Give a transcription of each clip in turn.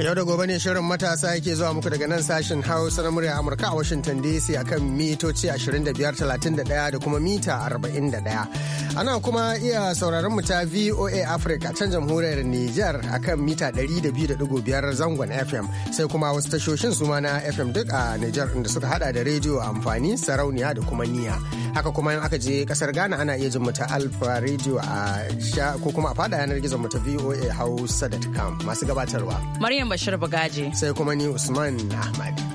Yau da gobe ne shirin matasa yake zuwa muku daga nan sashen Hausa na murya Amurka a Washington DC akan mitoci 25, 31 da kuma mita 41. Ana kuma iya sauraron mu ta VOA Africa can jamhuriyar Nijar akan mita 200.5 zangon FM sai kuma wasu tashoshin suma na FM duk a Nijar inda suka hada da rediyo amfani sarauniya da kuma niya. Haka kuma in aka je kasar Ghana ana iya jin mu ta Alfa Radio a ko kuma a fada yanar gizon mu ta VOA Hausa.com masu gabatarwa. Maryam Bashir Bagaji. Sai kuma ni Usman Ahmad.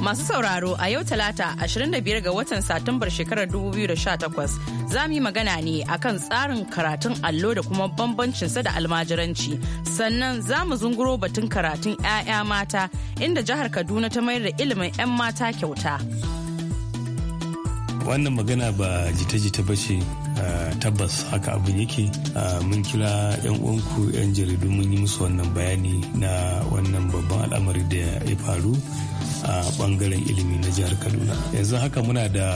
Masu sauraro a yau talata 25 ga watan Satumbar shekarar 2018 za mu yi magana ne akan tsarin karatun allo da kuma bambancinsa da almajiranci. Sannan za mu zunguro batun karatun 'ya'ya mata inda jihar Kaduna ta mayar da ilimin 'yan mata kyauta. wannan magana ba jita-jita ba ce tabbas haka abin yake mun kira 'yan uwanku 'yan jaridu mun yi musu wannan bayani na wannan babban al'amari da ya faru a bangaren ilimi na jihar kaduna yanzu haka muna da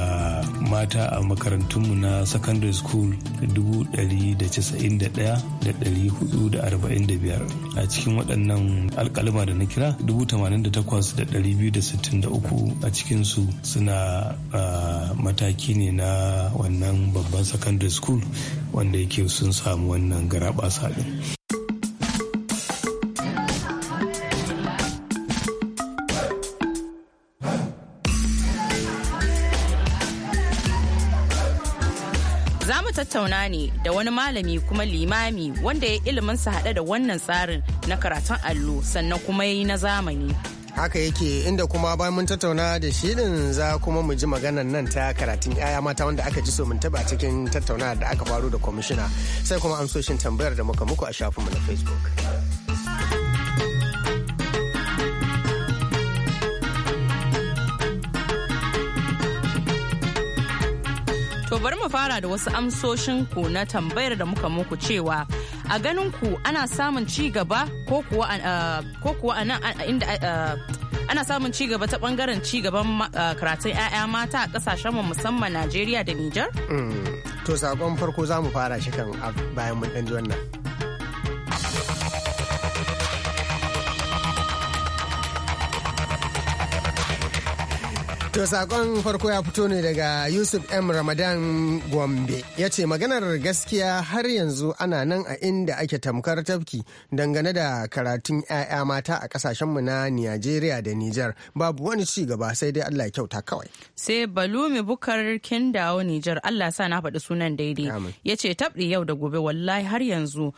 mata a makarantunmu na secondary school 191,445 a cikin waɗannan alkalima da na kira 88,263 a cikinsu suna mataki ne na wannan babban secondary school wanda yake sun samu wannan garaɓa tattauna ne da wani malami kuma limami wanda ya ilimin sa haɗe da wannan tsarin na karatun allo sannan kuma yi na zamani. haka yake inda kuma ba mun tattauna da shi din za kuma mu ji maganar nan ta karatun yaya mata wanda aka ji so mun taba cikin tattauna da aka faru da kwamishina sai kuma amsoshin tambayar da muka muku a shafinmu na facebook. To bari mu fara da wasu amsoshin ku na tambayar da muka muku cewa a ganin ku ana samun ci gaba ko kuwa a nan inda ana samun ci gaba ta bangaren ci gaban karatun 'ya'ya mata a kasashen mu musamman Najeriya da Nijar? Mm, to sakon farko za mu fara shi kan bayan mun ɗan wannan. To sakon farko ya fito ne daga Yusuf M. Ramadan Gombe ya ce maganar gaskiya har yanzu ana nan a inda ake tamkar tafki dangane da karatun 'ya'ya mata a kasashenmu na Nijeriya da Nijar babu wani ci gaba sai dai Allah kyauta kawai. Sai Balumi Bukar Kindawo Nijar Allah sa na faɗi sunan daidai ya ce tabɗi yau da gobe wallahi har yanzu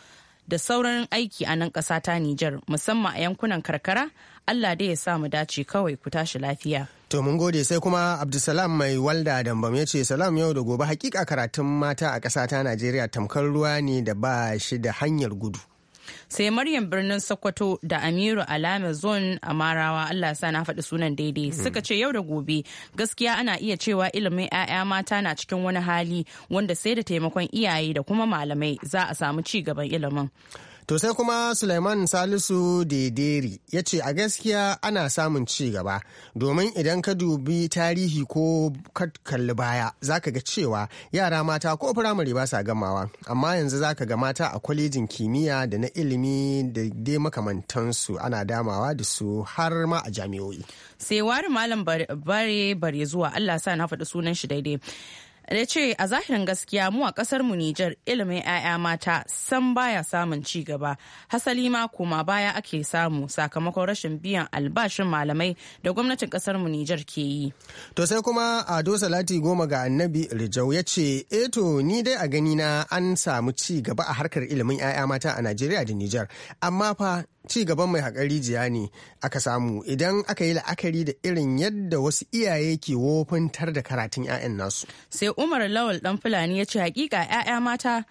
da sauran aiki a nan ƙasa ta Nijar musamman a yankunan karkara Allah dai ya sa mu dace kawai ku tashi lafiya. To mun gode sai kuma Abdulsalam mai walda dambam ya ce salam yau da gobe hakika karatun mata a ƙasa ta Najeriya tamkar ruwa ne da ba shi da hanyar gudu. sai maryam birnin sokoto da amiru alame zon a marawa allah sa na faɗi sunan daidai hmm. suka ce yau da gobe gaskiya ana iya cewa ilimin 'ya'ya mata na cikin wani hali wanda sai da taimakon iyaye da kuma malamai za a samu ci gaban ilimin To sai kuma Suleiman Salisu Dederi ya ce a gaskiya ana samun ci gaba domin idan ka dubi tarihi ko ka kalli baya zaka ga cewa yara mata ko firamare ba sa gamawa amma yanzu zaka ga mata a kwalejin kimiyya da na ilimi da dai makamantansu ana damawa da su har ma a jami'o'i. Sai wari malam bare bare zuwa Allah sa na faɗi sunan shi daidai. da ce a zahirin gaskiya mu a kasar mu Nijar ilimin 'ya'ya mata san baya samun ci gaba hasali ma koma baya ake samu sakamakon rashin biyan albashin malamai da gwamnatin kasar mu Nijar ke yi. To sai kuma Ado Salati goma ga Annabi Rijau ya ce eto eh ni dai a gani na an samu ci gaba a harkar ilimin 'ya'ya mata a Najeriya da Nijar amma fa ci gaban mai haƙari rijiya ne aka samu idan aka yi la'akari da irin yadda wasu iyaye ke wofintar da karatun 'ya'yan nasu. Sai Umar Lawal ɗan Fulani ya ce hakika 'ya'ya mata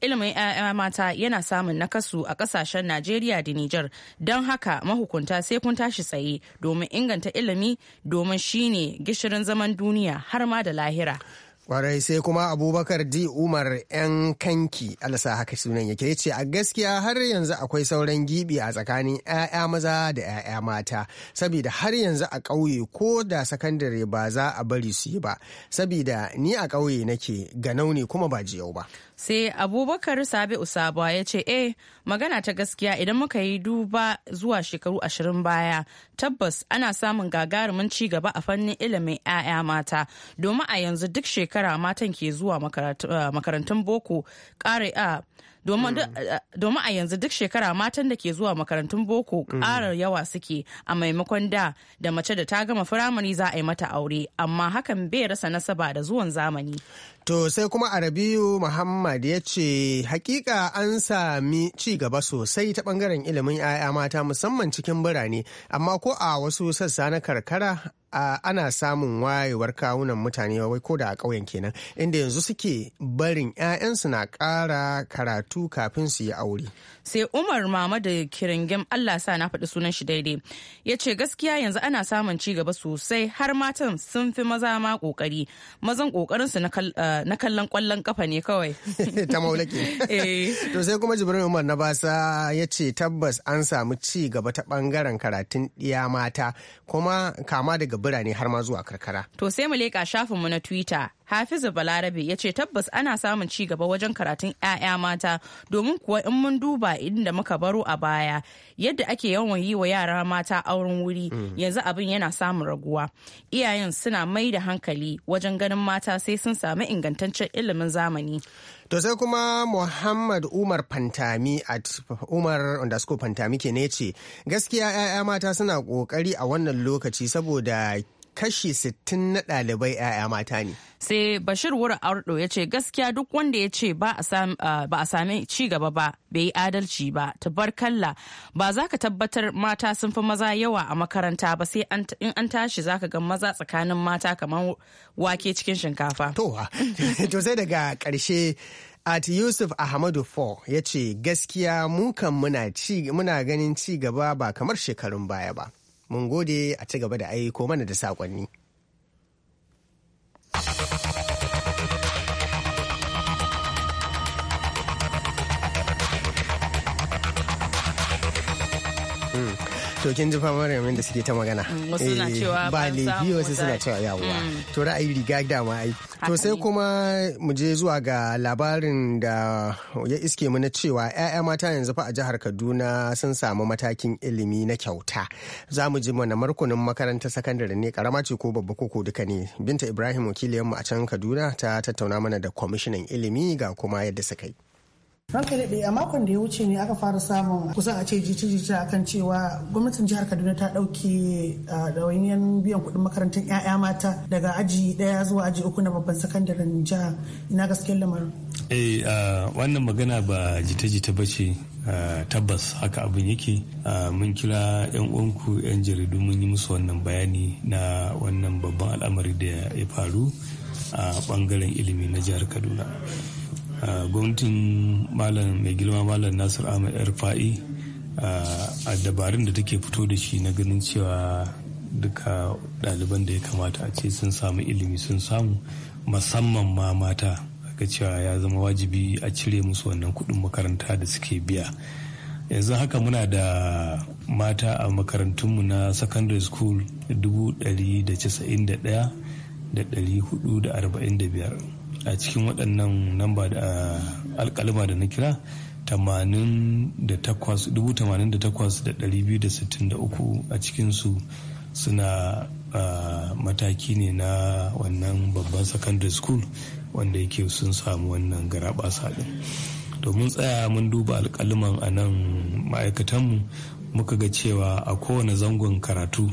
ilimin 'ya'ya mata yana samun nakasu a kasashen Najeriya da Nijar don haka mahukunta sai kun tashi tsaye domin inganta ilimi domin shine gishirin zaman duniya har ma da lahira. Kwarai sai kuma Abubakar D. Umar 'yan kanki alasa haka sunan yake yace ce a gaskiya har yanzu akwai sauran gibi a tsakanin 'ya'ya maza da 'ya'ya mata sabida har yanzu a ƙauye ko da sakandare ba za a bari su yi ba sabida ni a ƙauye nake ganau ne kuma ba jiyau ba. sai abubakar sabi usaba ya ce eh magana ta gaskiya idan muka yi duba zuwa shekaru ashirin baya tabbas ana samun gagarumin ci gaba a fannin ilimin 'ya'ya mata domin a yanzu duk shekara matan ke zuwa eh, makarantun boko ƙara ah, Hmm. Eh, eh, domin a yanzu duk shekara matan da ke zuwa makarantun boko karar hmm. yawa suke a maimakon da da mace da ta gama firamare za a yi mata aure amma hakan bai rasa nasaba da zuwan zamani To sai kuma Arabiyu Muhammad ya ce hakika an sami ci gaba sosai ta bangaren ilimin 'ya'ya mata musamman cikin birane amma ko a wasu sassa na karkara ana samun wayewar kawunan mutane wai ko da a ƙauyen kenan inda yanzu suke barin 'ya'yansu na ƙara karatu kafin su yi aure. sai umar mama da kiringim allah sa na faɗi sunan shi daidai ya ce gaskiya yanzu ana samun ci gaba sosai har matan sun fi maza ma ƙoƙari mazan ƙoƙarin su eh, na kallon ƙwallon ƙafa ne kawai ta maulake eh. to sai kuma jibrin umar na basa ya ce tabbas an samu ci gaba ta ɓangaren karatun ɗiya mata kuma kama daga birane har ma zuwa karkara. To sai mu leƙa shafinmu na Twitter Hafizu Balarabe ya ce tabbas ana samun ci gaba wajen karatun 'ya'ya mata domin kuwa in mun duba inda muka baro a baya yadda ake yawan yi wa yara mata auren wuri mm. yanzu abin yana samun raguwa. Iyayen suna mai da hankali wajen ganin mata sai sun sami ingantaccen ilimin zamani. To sai kuma Muhammad Umar Fantami at Umar underscore Fantami ke ne ce gaskiya 'ya'ya mata suna kokari a wannan lokaci saboda kashi 60 na ɗalibai 'ya'ya mata ne. Sai Bashir Wura Ardo ya ce gaskiya duk wanda ya ce ba a sami ci gaba ba bai yi adalci ba kalla ba za ka tabbatar mata sun fi maza yawa a makaranta ba sai in an tashi za ka ga maza tsakanin mata kamar wake cikin shinkafa. To sai daga ƙarshe at yusuf ahmadu four ya ce gaskiya mun kan muna ganin ci gaba ba kamar shekarun baya ba. Mun gode a ci gaba da aiko mana da saƙonni. Hmm. to kin ji fama da suke ta magana mm, eh, ba laifi wasu suna cewa yawuwa mm. to ra'ayi riga da ma ai to sai kuma mu je zuwa ga labarin da ya iske mu na cewa 'ya'ya mata yanzu fa a jihar Kaduna sun samu matakin ilimi na kyauta za mu ji mana markunin makarantar sakandare ne karama ce ko babba ko duka ne binta Ibrahim mu a can Kaduna ta tattauna mana da kwamishinan ilimi ga kuma yadda suka yi ranka daɗe a makon da ya wuce ne aka fara samun kusan a ce jita-jita akan cewa gwamnatin jihar kaduna ta ɗauke ɗawainiyar biyan kuɗin makarantar 'ya'ya mata daga aji ɗaya zuwa aji uku na babban sakandaren jihar ina gaskiyar lamarin eh wannan magana ba jita-jita ba ce tabbas haka abin yake mun kira 'yan uwanku 'yan jaridu mun yi musu wannan bayani na wannan babban al'amari da ya faru a bangaren ilimi na jihar kaduna gwamnatin malam mai girma malam nasir ahmed fa'i a dabarun da take fito da shi na ganin cewa duka ɗaliban da ya kamata a ce sun samu ilimi sun samu musamman ma mata ga cewa ya zama wajibi a cire musu wannan kuɗin makaranta da suke biya yanzu haka muna da mata a makarantunmu na secondary school biyar. a cikin waɗannan namba da alƙalima da na kira 88,263 a cikinsu suna mataki ne na wannan babban secondary school wanda yake sun samu wannan garaɓasa saɗin domin tsaya mun duba alƙaliman a nan ma'aikatanmu muka ga cewa a kowane zangon karatu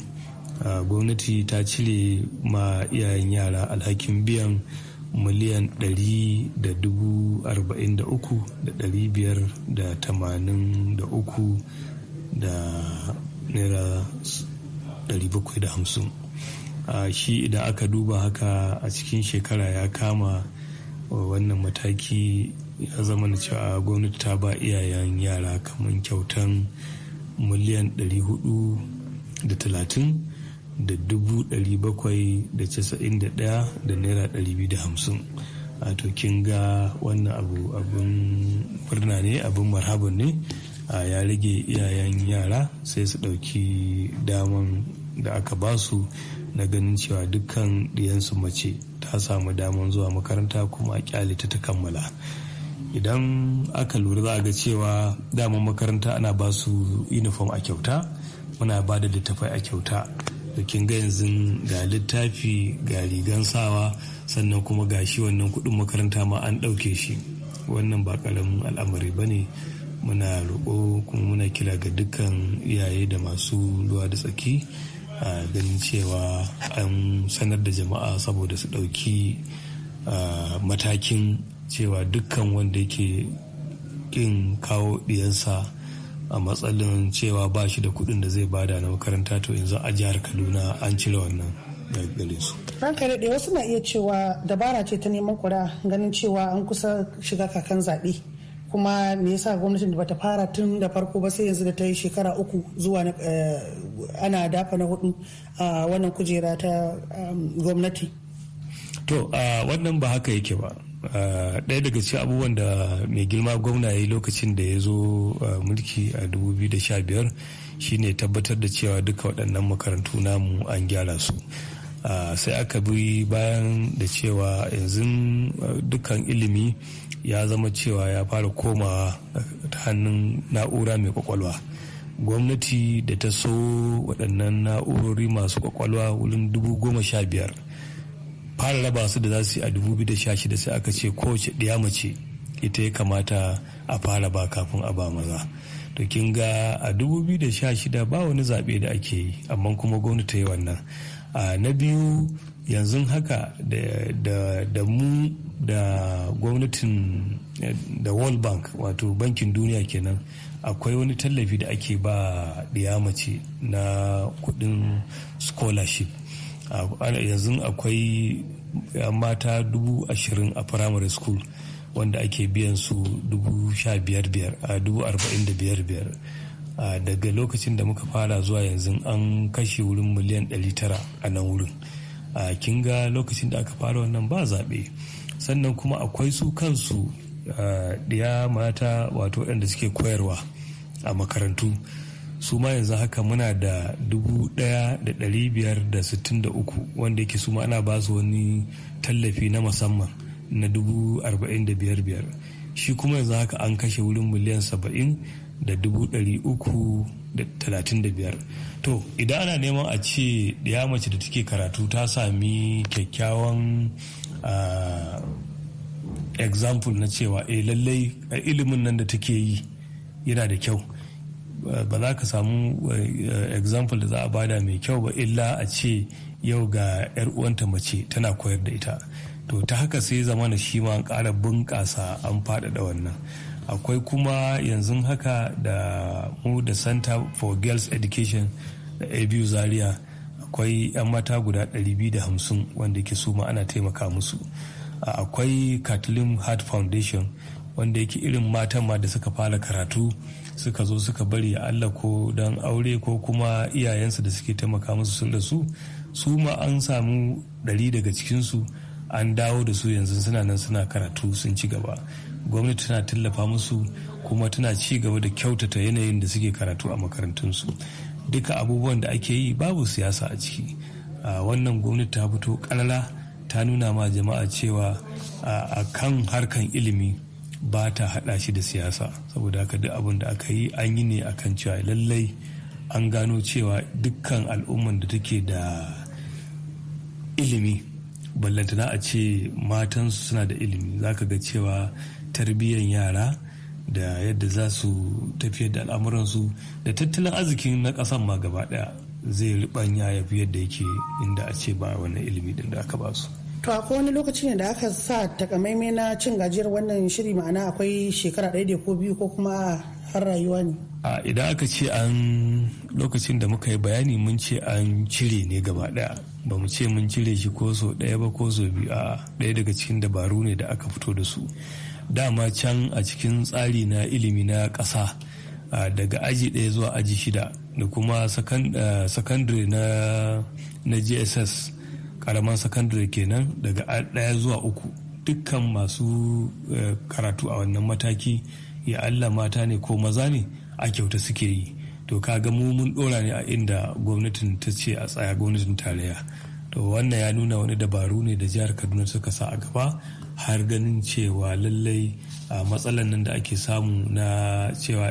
gwamnati ta cire ma iyayen yara alhakin biyan miliyan ɗari da da naira 750 shi idan aka duba haka a cikin shekara ya kama uh, wannan mataki ya zama na cewa gwamnati ta ba iyayen yara kamar kyautan miliyan talatin. da dubu ɗari bakwai da casa'in da ɗaya da naira ɗari biyu da hamsin a tokin ga wannan abu abin murna ne abin marhabin ne a ya rage iyayen yara sai su ɗauki daman da aka ba su na ganin cewa dukkan ɗiyansu mace ta samu daman zuwa makaranta kuma a ta ta kammala idan aka lura za a ga cewa daman makaranta ana ba su uniform a kyauta muna ba da littafai a kyauta da kin ga yanzu ga littafi ga rigan sawa sannan kuma ga shi wannan kudin makaranta ma an ɗauke shi wannan ba ƙaramin al'amari ba ne muna roƙo kuma muna kira ga dukkan iyaye da masu ruwa da tsaki a ganin cewa an sanar da jama'a saboda su ɗauki matakin cewa dukkan wanda yake ƙin kawo ɗiyansa a matsalin cewa ba shi da kuɗin da zai bada na makaranta to yanzu a jihar kaduna an cire wannan ran kare ranka wasu na iya cewa dabara ce ta neman kura ganin cewa an kusa shiga kakan zaɓe kuma me yasa gwamnatin da bata fara tun da farko ba sai yanzu da ta yi shekara uku zuwa eh, ana dafa na hudu a wannan kujera ta um, gwamnati. to wannan ba haka yake ba Eh, ɗaya daga cikin abubuwan da mai girma gwamna ya yi lokacin da ya zo eh, mulki a 2015 shine tabbatar da cewa duka waɗannan makarantu namu an gyara su eh, sai aka bi bayan da cewa yanzu dukkan ilimi ya zama cewa ya fara komawa ta hannun na'ura mai kwakwalwa gwamnati da ta so waɗannan na'urori masu kwakwalwa wurin dubu sha biyar fara raba su da za su yi a 2016 sai aka ce kowace ɗaya mace ita ya kamata a fara ba kafin a ba maza to kin ga a 2016 ba wani zaɓe da ake yi amma kuma gwamnati ta yi wannan na biyu yanzu haka da mu da gwamnatin da world bank wato bankin duniya kenan akwai wani tallafi da ake ba ɗiya mace na kudin scholarship yanzu akwai eh, mata dubu ashirin a primary school wanda ake biyan su dubu sha biyar biyar a dubu arba'in da biyar biyar daga lokacin da muka fara zuwa yanzu an kashe wurin miliyan ɗari tara a nan wurin a kin ga lokacin da aka fara wannan ba zaɓe sannan kuma akwai su kansu ɗiya mata wato waɗanda suke koyarwa a makarantu su ma yanzu haka muna da 1,563 wanda yake su ma ana ba su wani tallafi na musamman na 45,500 shi kuma yanzu haka an kashe wurin miliyan 70 da 335 to idan ana neman a ce ya mace da take karatu ta sami kyakkyawan example na cewa eh lallai ilimin nan da take yi yana da kyau ba za ka samu eh, example da za a bada mai kyau ba illa a ce yau ga 'yar uwanta mace tana koyar da ita to ta haka sai zama na shi ma an ƙara bunƙasa an faɗaɗa wannan akwai kuma yanzu haka da mu da center for girls education da abu zaria akwai 'yan mata guda 250 wanda ke suma ana taimaka musu akwai kathleen heart foundation wanda yake irin matan ma da suka fara karatu suka zo suka bari a Allah ko don aure ko kuma iyayensu da suke taimaka musu sun rasu su ma an samu ɗari daga cikinsu an dawo da su yanzu suna nan suna karatu sun ci gaba gwamnati tana tallafa musu kuma tana ci gaba da kyautata yanayin da suke karatu a makarantunsu duka abubuwan da ake yi babu siyasa a ciki wannan gwamnati ta fito ƙalala ta nuna ma jama'a cewa a kan harkan ilimi ba ta haɗa shi da siyasa saboda haka duk abin da aka yi an yi ne a kan cewa lallai an gano cewa dukkan al'umman da take da ilimi ballantana a ce matansu suna da ilimi za ka ga cewa tarbiyyar yara da yadda za su tafiyar da al'amuransu da tattalin arzikin na ƙasan ma gaba ɗaya zai riɓanya ya fi yadda yake inda a ce ba wani ilimi da aka ba su. To akwai wani lokaci ne da aka sa takamaimai na cin gajiyar wannan shiri ma'ana akwai shekara ɗaya da ko biyu ko kuma har rayuwa ne. Idan aka ce an lokacin da muka yi bayani mun ce an cire ne gaba ɗaya ba mu ce mun cire shi ko so ɗaya ba ko so biyu a ɗaya daga cikin dabaru ne da aka fito da su. Dama can a cikin tsari na ilimi na ƙasa daga aji ɗaya zuwa aji shida da kuma sakandare eh, na GSS. karaman sakandare kenan daga ɗaya zuwa uku dukkan masu eh, karatu a wannan mataki ya Allah mata ne ko maza ne a kyauta suke yi to kaga mu mun ɗora ne a inda gwamnatin ta ce a tsaya gwamnatin tarayya to wannan ya nuna wani dabaru ne da jihar kaduna suka sa a gaba har ganin cewa lallai a matsalan nan da ake samu na cewa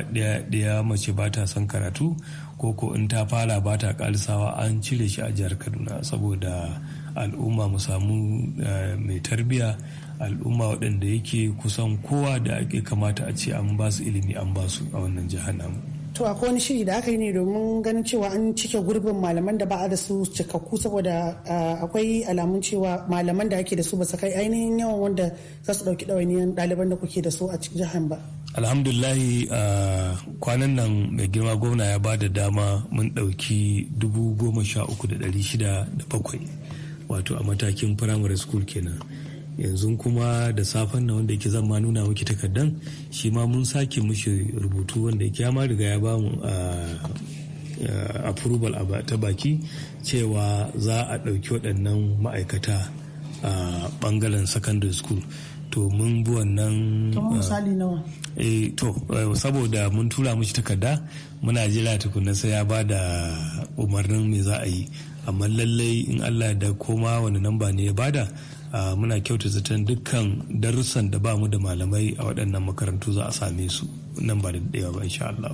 ɗaya mace ba ta son karatu ko ko in ta fara ba ta an cire shi a jihar kaduna saboda al'umma mu samu eh, mai tarbiya al'umma waɗanda yake kusan kowa da ake kamata a ce an ba su ilimi an ba su a wannan jihar namu. To akwai wani shiri da aka yi ne domin ganin cewa an cike gurbin malaman da ba a da su cikakku saboda eh, akwai alamun cewa malaman da ake da su ba su kai ainihin yawan wanda za su ɗauki ɗawainiyar ɗaliban da kuke da su a cikin jihar ba. alhamdulahi eh, kwanan nan mai girma gwamna ya ba da dama mun ɗauki dubu goma sha uku da ɗari shida da bakwai wato a matakin primary school kenan yanzu kuma da safen na wanda yake zan ma nuna miki takardan shi ma mun sake mushi rubutu wanda yake ma riga ya bamu approval ta baki cewa za a ɗauki waɗannan ma'aikata a ɓangaren secondary school to mun bi wannan eh, to eh, saboda mun tura mishi takarda muna jira tukunna sai ya ba da umarnin me za a yi amma lallai in allah da koma wani namba ne ya bada muna kyauta zaton dukkan darussan da ba mu da malamai a waɗannan makarantu za a same su nan ba da ɗaya ba insha Allah.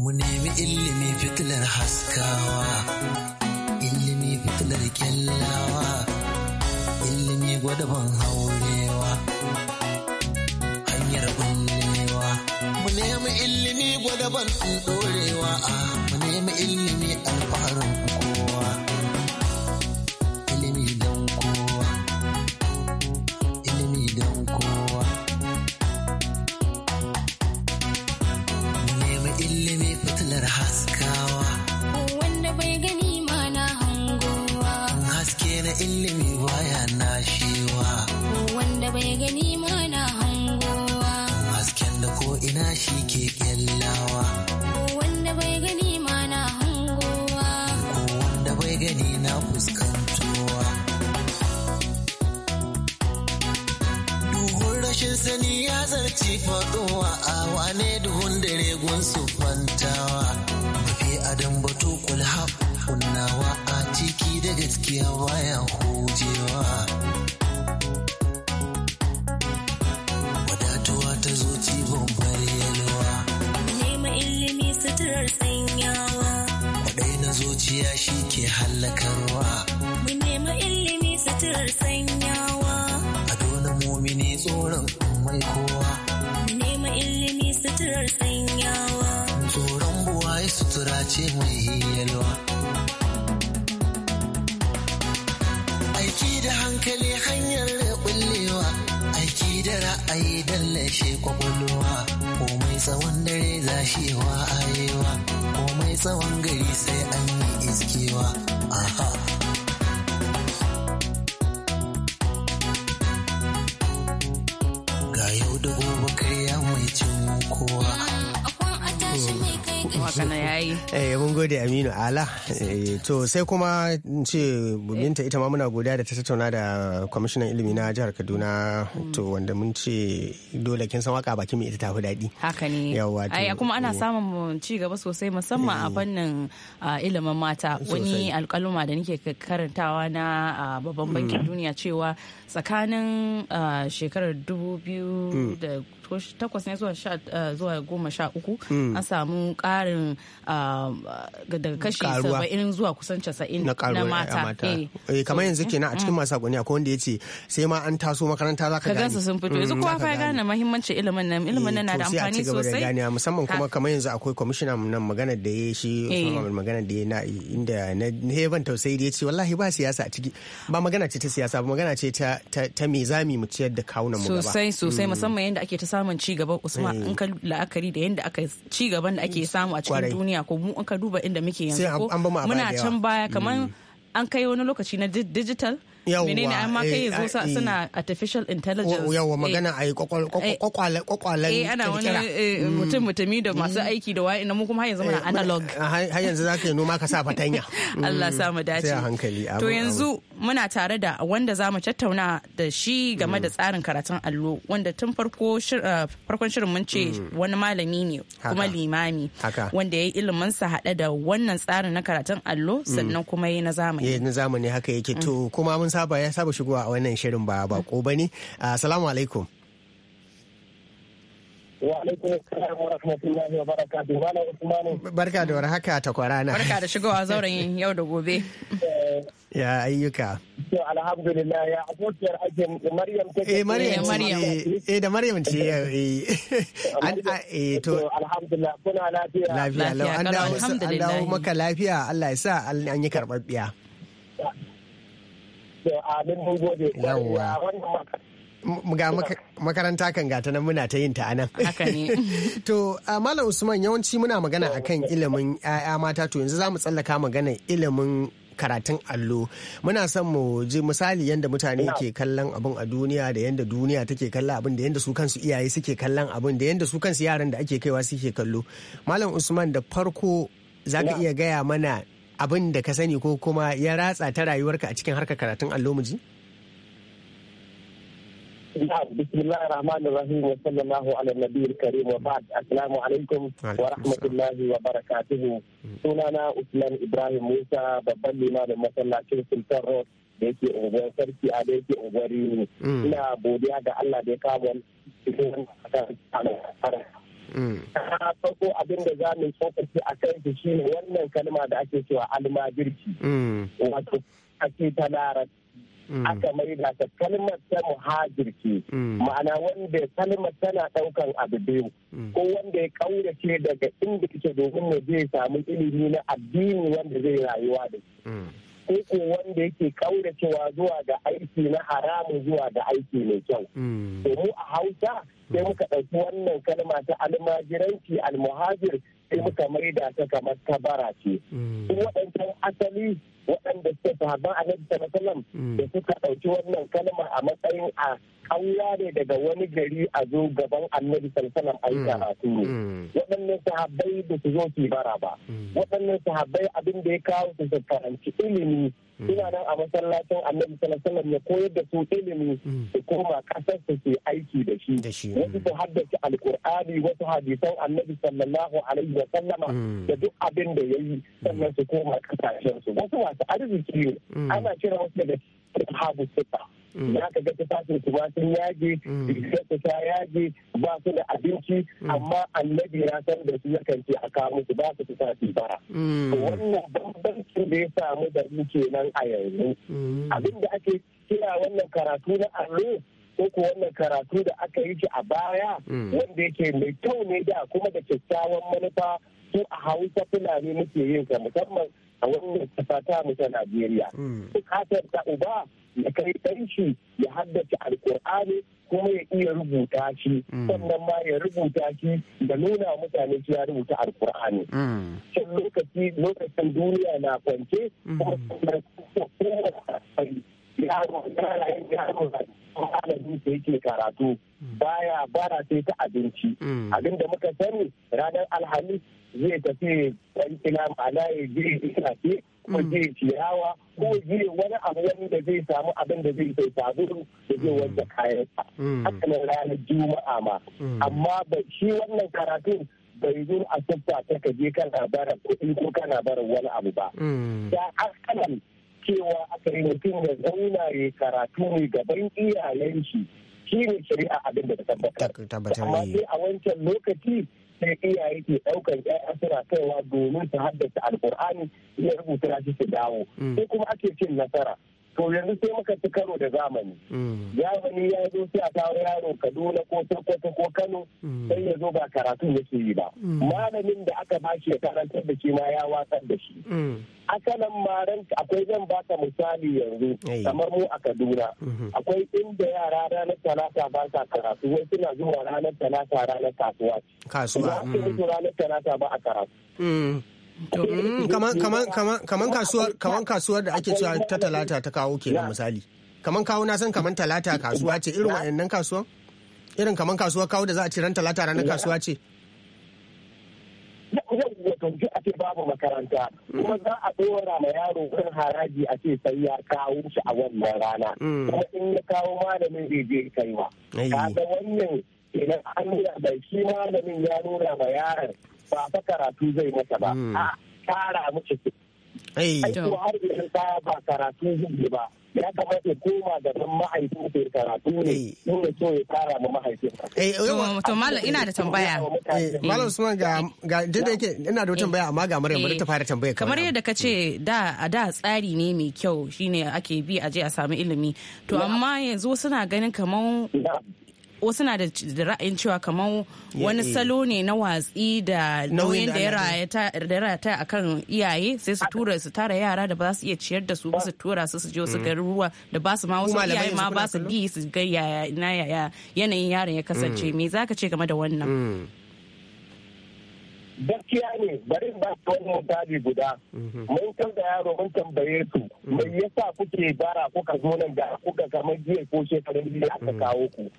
Mu nemi ilimi fitilar haskawa, ilimi fitilar kyallawa, ilimi gwadaban haurewa, hanyar bunni. mu nemi ilimi gwadaban dorewa mu nemi ilimi alfaharin kowa faɗuwa a wane duhun dare gun su fantawa baƙi adam batu kulha kunnawa a ciki da gaskiya baya hujewa wadatuwa ta zuci bambar yalwa nema ilimi suturar sanyawa kwadai na zuciya shi ke hallakarwa mu nema ilimi suturar sanyawa a dole mumini tsoron mai kowa shi kwakwalwa komai tsawon dare wa arewa komai tsawon gari sai an yi iskewa aha ga yau da gobe kariya mai cin kowa Eh mun gode Aminu Ala. Eh, to sai kuma ce Binta ita ma muna godiya da ta tattauna da kwamishinan ilimi na jihar Kaduna to wanda mun ce dole kin san waka bakin mai ita tafi daɗi. Haka ne. Yawwa. kuma ana samun ci gaba sosai musamman a eh. fannin ilimin mata. Wani alƙaluma da nake karantawa na babban bankin mm. duniya cewa tsakanin shekarar dubu biyu mm. da takwas ne zuwa goma sha uku mm. an samu karin ah, daga kashi saba'in zuwa kusan casa'in na mata eh. Eh, kamar yanzu kenan a cikin mm. masu sakonni akwai wanda ya ce sai ma an taso makaranta za ka gane ka sun fito yanzu mm, kowa ka gane mahimmancin ilimin nan ilimin nan na da eh, amfani sosai musamman kuma kamar yanzu akwai kwamishina nan magana da ya shi magana da ya na inda na ban tausayi da ya ce wallahi ba siyasa a ciki ba magana ce ta siyasa ba magana ce ta ta me zami mu ciyar da kawunan mu gaba sosai sosai mm. musamman yadda ake ta samun ci gaban Usman in ka la'akari da yadda aka ci gaban da ake samu samu a cikin duniya ko mu ka duba inda muke yanzu ko muna can baya mm. kamar an kai wani lokaci na digital menene an ma kai eh, yazo suna eh. artificial intelligence yawa eh. magana ai kwakwale kwakwale eh ana wani mm. mutum mutumi da masu aiki da ina mu kuma har yanzu muna analog har yanzu ka yi noma ka sa fatanya Allah sa mu mm. dace hankali to yanzu muna tare da wanda za mu tattauna da shi game mm. da tsarin karatun allo wanda tun farko farkon shirin mun ce wani malami ne kuma limami wanda ya yi ilimin sa haɗe da wannan tsarin na karatun allo sannan kuma yi na zamani na zamani haka yake to kuma mun saba ya saba shigowa a wannan shirin ba bako ba ne. Assalamu ah, alaikum. Barka da warhaka ta kwarana. Barka da shigowa zauren yau da gobe. Ya ayyuka. Alhamdulillah ya abokiyar ajiyar Maryam ta Eh Maryam eh, eh, eh da Maryam ce ya eh. Ah, eh to alhamdulillah kuna lafiya. Lafiya an dawo maka lafiya Allah ya sa an yi karɓar biya. to ah, yawa ga makaranta kan gata nan muna ta yin ta anan. to malam usman yawanci muna magana akan ilimin 'ya'ya mata to yanzu za mu tsallaka magana ilimin karatun allo muna son mu ji misali yadda mutane ke kallon abin a duniya da yadda duniya take kallon abin da yadda su kansu iyaye suke kallon abin da yadda su kansu yaran da ake kaiwa suke kallo malam usman da farko za ka iya gaya mana abin da ka sani ko kuma ya ratsa ta rayuwarka a cikin harkar karatun allo mu ji? bismillah ar-rahman ar-rahim wa sallallahu ala nabiyil karim wa ba'd assalamu alaikum wa rahmatullahi wa barakatuh mm. sunana usman ibrahim musa babban limamin masallacin sultan road da yake unguwar sarki a da yake unguwar mm. ina godiya da Allah da ya kawo cikin Na farko abin da za mu tsokaci a kan shi shine wannan kalma da ake cewa almajirki. Wato ake ta larabci. aka mai da ta kalmar ta muhajirki ma'ana wanda kalmar tana daukan abu biyu ko wanda ya kaurace daga inda kike domin ne zai samu ilimi na addini wanda zai rayuwa da shi ko ko wanda yake kauracewa zuwa ga aiki na haramu zuwa ga aiki mai kyau. Hmm. To mu a Hausa sai muka ɗauki wannan kalma ta almajiranci almuhajir sai muka maida ta kamar tabara ce. Hmm. Duk waɗancan asali waɗanda suke sahabban annabi sallallahu mm. da suka ɗauki wannan kalma a matsayin a ƙauya ne daga wani gari a zo gaban annabi sallallahu a yi mm. mm. waɗannan sahabbai da su zo su bara ba waɗannan sahabbai abin da ya kawo su su karanci ilimi suna nan a masallacin annabi sallallahu ya koyar da su ilimi mm. su koma kasar su ke aiki da shi wasu mm. su haddace alkur'ani wasu hadisan annabi sallallahu alaihi wa sallama mm. da duk abin da yayi sannan su koma kasashen su wasu masu arziki ana cire wasu daga habu sita Mm. za ka ga tufafin su ba sun yage mm. rigar su ta yage ba su da abinci mm. amma annabi ya san da su yakan ce a kawo musu ba su tufafi bara wannan bambancin da ya samu da mu kenan a yanzu abin da ake kira wannan karatu na allo ko ko wannan karatu da aka yi shi a baya wanda yake mai kyau ne da kuma da kyakkyawan manufa su a hausa fulani muke yin sa musamman a wannan kasa ta mu ta Najeriya. Hmm. Bukatar ta uba ya kai ɗanshi ya haddace alkur'ani kuma ya iya rubuta shi hmm. sannan ma ya rubuta shi da nuna mutane su ya rubuta alkur'ani. Can hmm. lokaci lokacin duniya na kwance kuma kuma yaro yaro alamu da yake karatu baya bara sai ta abinci mm. abinda muka sani ranar alhamis zai tafi ɗan kila ma'ana ya je itace ko mm. je ciyawa ko je wani abu wanda zai samu abin da zai sai sabulu da zai mm. wanda kayansa haka nan ranar juma'a ma amma ba shi wannan karatun bai zo a sabta ta kaje kana bara kuɗi ko kana bara wani abu ba da akalan cewa aka yi mutum ya zauna ya karatu ne gaban iyayen shi shi ne shari'a abin da ta tabbatar amma sai a wancan lokaci sai iyaye ke ɗaukar yaya suna kaiwa domin su haddasa alkur'ani ya rubuta shi su dawo mm. sai kuma ake cin nasara to yanzu sai muka ci karo da zamani mm. zamani ya zo sai a kawo yaro kaduna ko sokoto ko kano mm. sai ya zo ba karatun yake yi ba mm. malamin da aka ba shi ya karantar da shi ma ya watsar da shi asalan maran akwai zan baka misali yanzu kamar mu a kaduna mm-hmm. akwai inda yara ranar talata ba sa karatu wai suna zuwa ranar talata ranar kasuwa kasuwa ranar talata ba a karatu Mm, kaman kasuwar kaman kasuwar da ake cewa ta talata ta kawo kenan misali kaman kawo na san kaman talata kasuwa ce irin wayannan kasuwa irin kaman kasuwa kawo da za a ce ran talata ranar kasuwa ce wato a ce babu makaranta kuma za a ɗora ma yaro wurin haraji a ce sai ya kawo shi a wannan rana mm. kuma in ya kawo malamin zai je kaiwa kaga wannan idan an nuna bai shi malamin ya nuna ma yaron ba ta karatu zai mata ba hmm. a tara mace ce ai har idan ta ba karatu zai ba ya kamata koma da nan mahaifin ke karatu ne in da so ya tara ma mahaifin eh to malam ina da tambaya Malam Usman ga ga da yake ina da eh. tambaya amma ga Maryam bari ta eh. fara tambaya kamar yadda ka ce da a da tsari ne mai kyau shine ake bi a je a samu ilimi to amma yanzu suna ganin kamar wasu na da ra'ayin cewa kamar wani eh. salo ne na watsi da nauyin da ya rayata a kan iyaye sai su tura su tara yara da ba su iya ciyar da su ba su tura su su je su mm. garuruwa da ba su ma wasu iyaye ma ba su bi su ga yanayin yaron ya kasance mm. me zaka ce game da wannan mm. gaskiya ne bari ba su wani mutane guda mhm. mun kan da yaro mun tambaye su mai mhm. yasa kuke bara kuka zo nan da kuka kama jiya ko shekarun jiya aka mhm. kawo ku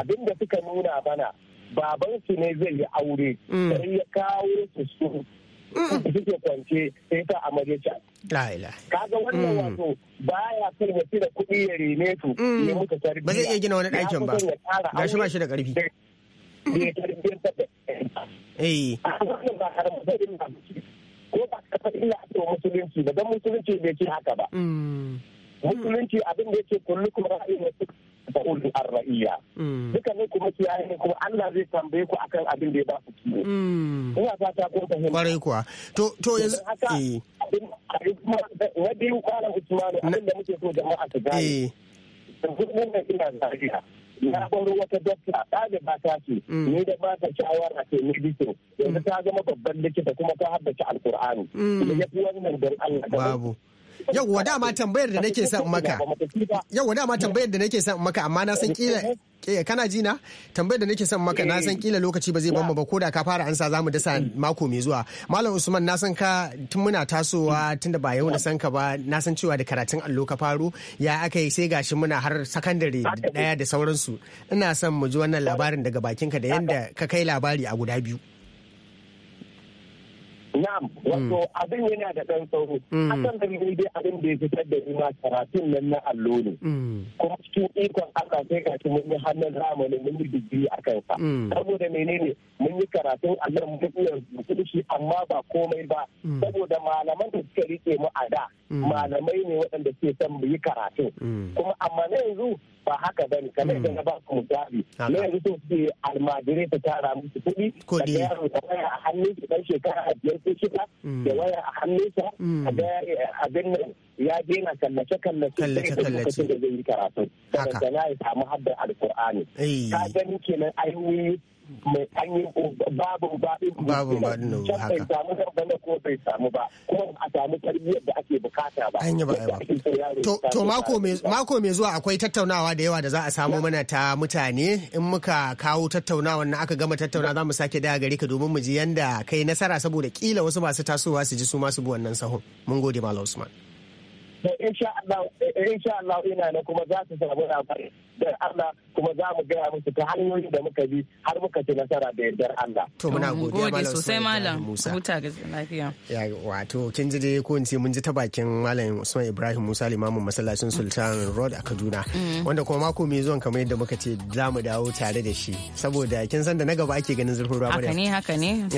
abin da suka nuna mana baban su ne zai yi aure sai ya kawo su su suke kwance sai ta amaje can kaga wannan wato ya son ya da kuɗi ya rene su ya mutu tarbiyya ba zai iya gina wani ɗakin ba shi ba shi da ƙarfi eh a wannan ba karamin da illa ko ba karamin illa a musulunci mm. ba don musulunci bai ce haka ba musulunci abin da yake kullukum ra'ayin da suka da ulul arra'iya duka ne kuma kiyaye ne kuma Allah zai tambaye ku akan abin da ya ba ku kiyo ina fata kun fahimta kwarai kuwa to to yanzu haka eh. na biyu kwanan Usmanu abin da muke so jama'a su gane yanzu mun ina zariya na bar wata dokta ɗaliba ta ce mm. ni da ba ta shawara ce ni biso mm. yanzu ta zama babban likita kuma ta haddace alkur'ani mm. da ya fi wannan don Allah babu yau dama tambayar da nake son maka dama tambayar da nake son maka amma na san kila kana ji na tambayar da nake son maka na san kila lokaci ba zai ban ba koda ka fara ansa zamu dasa mako mai zuwa malam usman na san ka tun muna tasowa tunda ba yau na san ka ba na san cewa da karatun allo ka faro ya aka yi sai gashi muna har sakandare daya da sauransu ina son mu ji wannan labarin daga bakinka da yanda ka kai labari a guda biyu Na'am, wato mm. abin yana da ɗan sauro. Mm. Akan da ni dai abin da ya fitar da ni karatu karatun nan na allo ne. Mm. Kuma cikin ikon aka sai ka mun yi hannun zamani mun yi digiri a kansa. Saboda menene mun yi karatun allon mun iya amma ba komai ba. Saboda malaman da suka rike mu a da malamai ne waɗanda suke son mu yi karatu. Kuma amma na yanzu ba haka bane kamar da hmm. na ba ku misali na yanzu to ce almajirai ta tara musu kuɗi kuɗi da yaro da waya a hannun shi dan shekara a biyar ko shida hmm. da waya a hannun sa a hmm. eh, abin nan ya daina kallace kallace kallace kallace da zai yi karatu daga ya samu haddar alqur'ani ka gani kenan ayoyi mai kanyi babu baɗin babu baɗin haka bai samu ko bai samu ba kuma a samu tarbiyyar da ake bukata ba ba to to mako mai zuwa akwai tattaunawa da yawa da za a samu mana ta mutane in muka kawo tattaunawa na aka gama tattauna za mu sake daya gare ka domin mu ji yanda kai nasara saboda kila wasu masu tasowa su ji su masu buwan bi sahun mun gode malam usman insha Allah ina na kuma za su samu labari da Allah kuma za mu gaya musu ta hanyoyi da muka bi har muka ci nasara da yardar Allah. To muna gode sosai malam Musa. Huta ga lafiya. Ya wato kin ji dai ko in ce mun ji ta bakin malam Usman Ibrahim Musa limamin masallacin Sultan Road a Kaduna mm. wanda kuma mako mai zuwan kamar yadda muka ce za mu dawo tare da shi saboda kin san da na gaba ake ganin zurfin ruwa. Haka ne haka ne.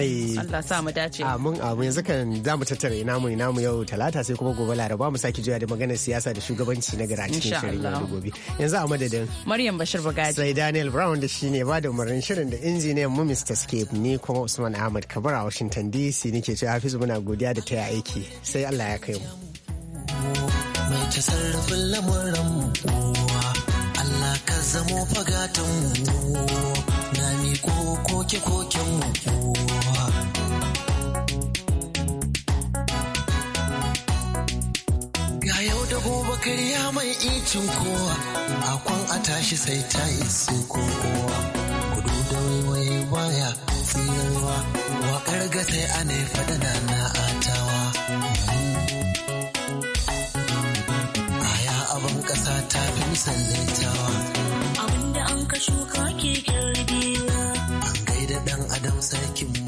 Allah sa mu dace. Amin amin yanzu kan za mu tattara ina mu ina mu yau talata sai kuma gobe laraba mu saki juya da maganar siyasa da shugabanci na gara cikin shirin yau gobe yanzu a madadin maryam bashir bagaji sai daniel brown da shine ba da umarnin shirin da injiniyan mu mr scape ni kuma usman ahmad kabar a washington dc nake cewa hafizu muna godiya da ta aiki sai allah ya kai mu mai ta sarrafin lamuran kowa allah ka zamo fagatan mu na miko koke koken mu kowa yau da gobe karya mai icin kowa akwan a tashi sai ta isi kowa kudu da waiwaye baya tsirarwa wa ga sai a ne fada na atawa. aya abin kasa ta fi abinda an ka shuka ke girbewa an gaida dan adam sarkin